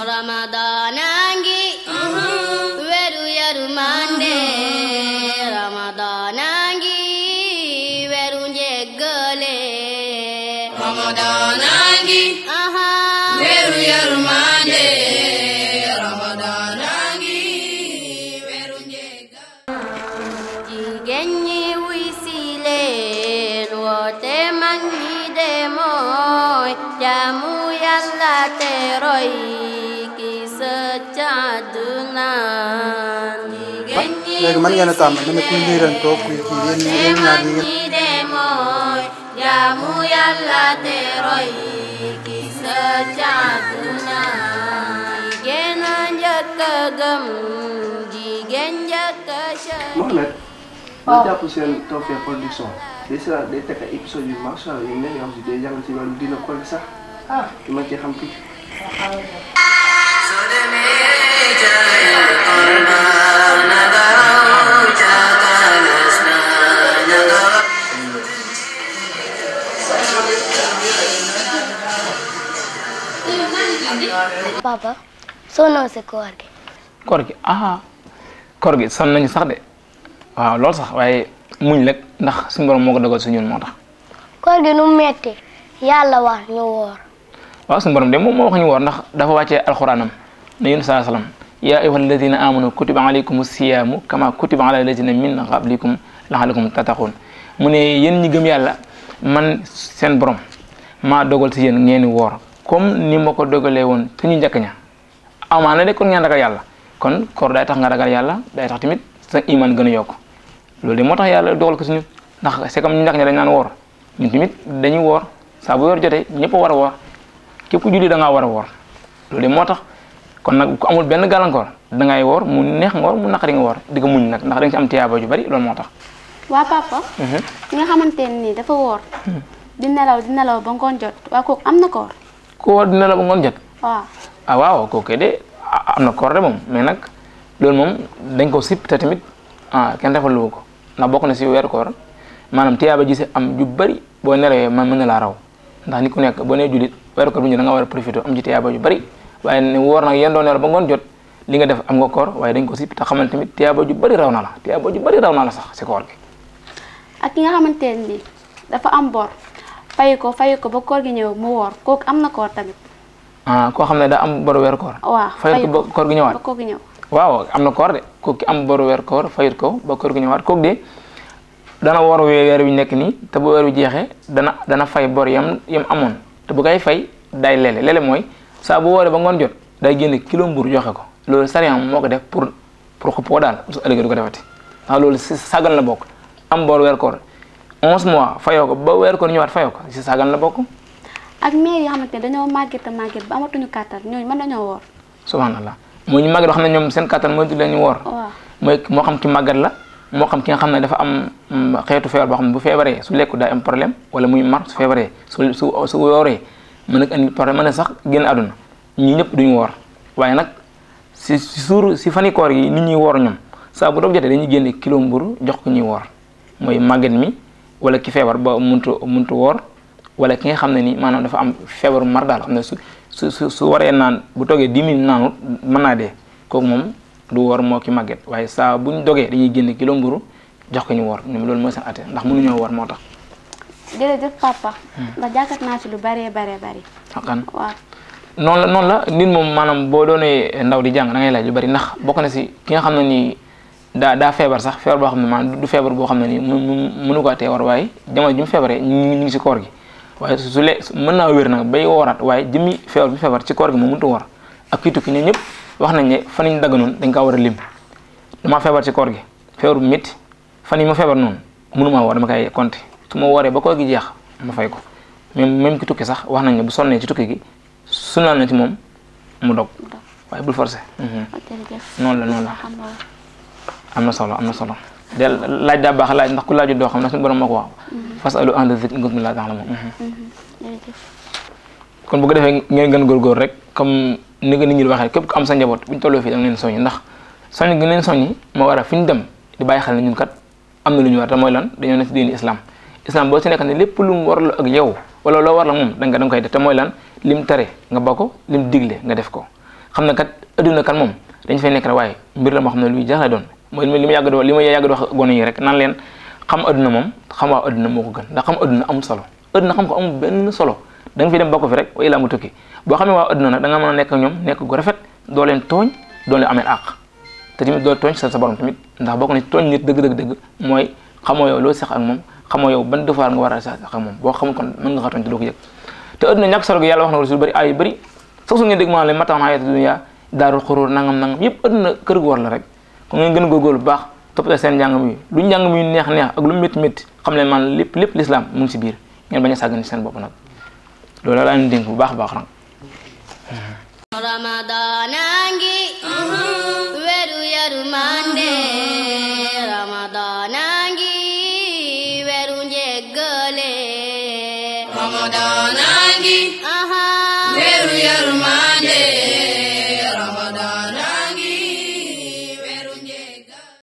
Ramadan a ngi weeru uh-huh. yërmande uh-huh. Ramadan weeru njëggale Ramadan ngi weeru yërmande Ramadan weeru njëggale jigéen ñi wuy si leen woote mag ñi mooy jaamu Yàlla te léegi mën ngeen a tàmbali ne kuy niirantoo kuy kii yéen yéen ñaar yi ngeen. Mouhamed. waaw nga jàpp seen Tawfekh Production. day si day teg ay épisodes yu macha allah yu mel yoo xam si day jàngal si wàllu dina ko sax. ah ki ma cee xam tuuti. papa sonnoon si koor gi. koor gi ah koor gi sonn nañu sax de waaw loolu sax waaye muñ rek ndax suñu borom moo ko dogal si ñun moo tax. koor gi nu mu métti yàlla wax ñu woor. waaw suñu borom de moom moo wax ñu woor ndax dafa wàccee alxuraanam. ne yun saa sallam yaa ayuha alladina amanu kutiba alaykum siyaamu kama kutiba ala alladina min qablikum laalakum tattaqun mu ne yéen ñi gëm yàlla man seen borom maa dogal si yéen ngeen woor comme ni ma ko dogalee woon te ñu njëkk ña amaana de kon ngeen ragal yàlla kon koor day tax nga ragal yàlla day tax tamit sa iman gën a yokk loolu de moo tax yàlla dogal ko si ñun ndax c'est comme ñu dañ naan woor ñun tamit dañuy woor saa bu yor ñëpp war a woor képp julli da ngaa war a woor kon nag ku amul benn gàllankoor dangay woor mu neex nga woor mu naqari nga woor di ko muñ nag ndax da nga ci am tiyaaba ju bari loolu moo tax. waa papa. Mhm. ki nga xamante ne nii dafa woor. Mhm. di nelaw di nelaw ba ngoon na koor. ku di nelaw ba ngoon jot. waaw ah am na koor de mais nag loolu moom dañ ko sip te tamit ah kenn rafetlu ko ndax bokk na si weeru koor maanaam tiyaaba ji si am ju bari boo nelawee man mën na laa raw ndax ni ku nekk boo nee jullit weeru koor bu ñu da war a profité am ci tiyaaba ju bari. waaye ne woor nag nee nelaw ba ngoon jot li nga def am nga koor waaye dañ ko sip te xamal tamit tiyaaba ju bari raw na la tiyaaba ju bari raw na la sax si koor gi ak ki nga xamante ne dafa am bor ko fay ko ba koor gi ñëw am na koor tamit ah, koo xam ne daa am bor weer koor koor gi ñëwaat ba waaw am na koor de am bor weer koor fayut ko ba koor gi ñëwaat kooku de dana woor weer wi nekk nii te bu weer wi jeexee dana dana fay bor yam yam amoon te bu koy fay day lele lele mooy saa bu wooree ba ngoon jot day génne kilo mbur joxe ko loolu sariyaam moo ko def pour pour xupp ko daal su ëllëgee du ko defati ndax loolu si sàggan la bokk am boor weer koor onze mois fayoo ko ba weer koor ñëwaat fayoo ko si sàggan la bokk. ak mère yi xamante ne dañoo màgget a màgget ba amatuñu kàttan ñooñu mën nañoo woor. subhanallah ñu màgget wax ne ñoom seen kàttan mooy tuddee ñu woor. waaw mooy moo xam ki màggat la moo xam ki nga xam ne dafa am mm, xeetu feebar boo xam ne bu feebaree su lekku daa am problème wala muy mar su feebaree su su su wooree mën nag indi problème mën na sax génn àdduna ñi ñëpp duñu woor waaye nag si si suur si fani yi nit ñuy woor ñoom saa bu doog jotee dañuy génne kilo mburu jox ko ñuy woor mooy mi wala ki feebar ba muntu muntu woor wala ki nga ne ni maanaam dafa am feebaru mar daal xam ne su su su waree naan bu toogee dix mille naanut mën naa dee kooku moom du woor moo ki màgget waaye saa bu ñu dogee dañuy génne kilo mburu jox ko ñu woor ñoom loolu mooy seen ate ndax munuñoo woor moo tax jërëjëf sax hmm. ndax jàkkat naa ci lu baree baree bari. Ah, noonu la noonu la nit moom maanaam boo doonee ndaw di jàng da ngay laaj lu bari ndax bokk na si ki nga xam ne nii daa daa feebar sax feebar boo xam ne maanaam du feebar boo xam ne nii mënu ko tee war waaye jamono ji mu feebaree ñu ngi si koor gi waaye su mën naa wér nag bay wooraat waaye jëmmi feebar bi feebar ci koor gi moom mënut a war ak kii tukki ñoom ñëpp wax nañ ne fan yi ñu dagg noonu dañ kaa war a lim damaa feebar ci koor gi feebar bu métti fan yi ma feebar noonu mënumaa war dama koy compter su ma wooree ba koor gi jeex ma fay ko même même ki tukki sax wax nañ ne bu sonnee ci tukki gi sunnaal na ci moom mu dog waaye bul forcé mhm. ah, noonu la noonu la am na solo am na solo de laaj daa baax laaj ndax ku laaju doo xam ne borom moo ko wax mhm. fasalu ahla zikri in kuntum laa ta'lamuun mhm. kon bu ko defee ngeen gën góorgóor rek comme ni nga nit ñi waxee képp ku am sa njaboot buñ tolloo fii da nga leen soññi ndax soññ gi leen soññi moo war a fi ñu dem di bàyyi xel ne ñun kat am na lu ñu war te mooy lan dañoo ne si diini islam islam boo si nekk ne lépp lu mu warlu ak yow wala loo war la moom danga danga koy def te mooy lan lim tare nga ba ko lim nga def ko xam ne kat adduna kan moom dañ fay nekk rek waaye mbir la moo xam ne luy jaaxle doon mooy li ma yàgg li ma yàgg di wax gone yi rek nan leen xam moom xam waa adduna moo ko gën ndax xam adduna amul solo adduna xam ko amul solo da fi dem ba fi rek wa ilaa mu boo xam ne waa adduna da nga mën nekk ñoom nekk gu rafet doo leen tooñ doo leen ameel àq te tamit doo tooñ sa sa borom tamit ndax bokk na tooñ nit dëgg-dëgg dëgg mooy xamoo yow loo seq ak moom xamoo yow ban devoir nga war a sa moom boo xamul kon mën nga xatoon te doo ko yëg te adduna ñàkk solo gi yàlla wax na rasul bëri ay yu bëri sax su ngeen dégg maanaam mataan hayatu bu baax toppatoo seen njàng mi lu njàng mi neex neex ak lu métti métti xam leen maanaam lépp lépp lislaam mu ngi si biir ngeen bañ a sàggani seen bopp nag loolu laa leen dénk bu baax baax nag moo doon a ngi weeru yërmande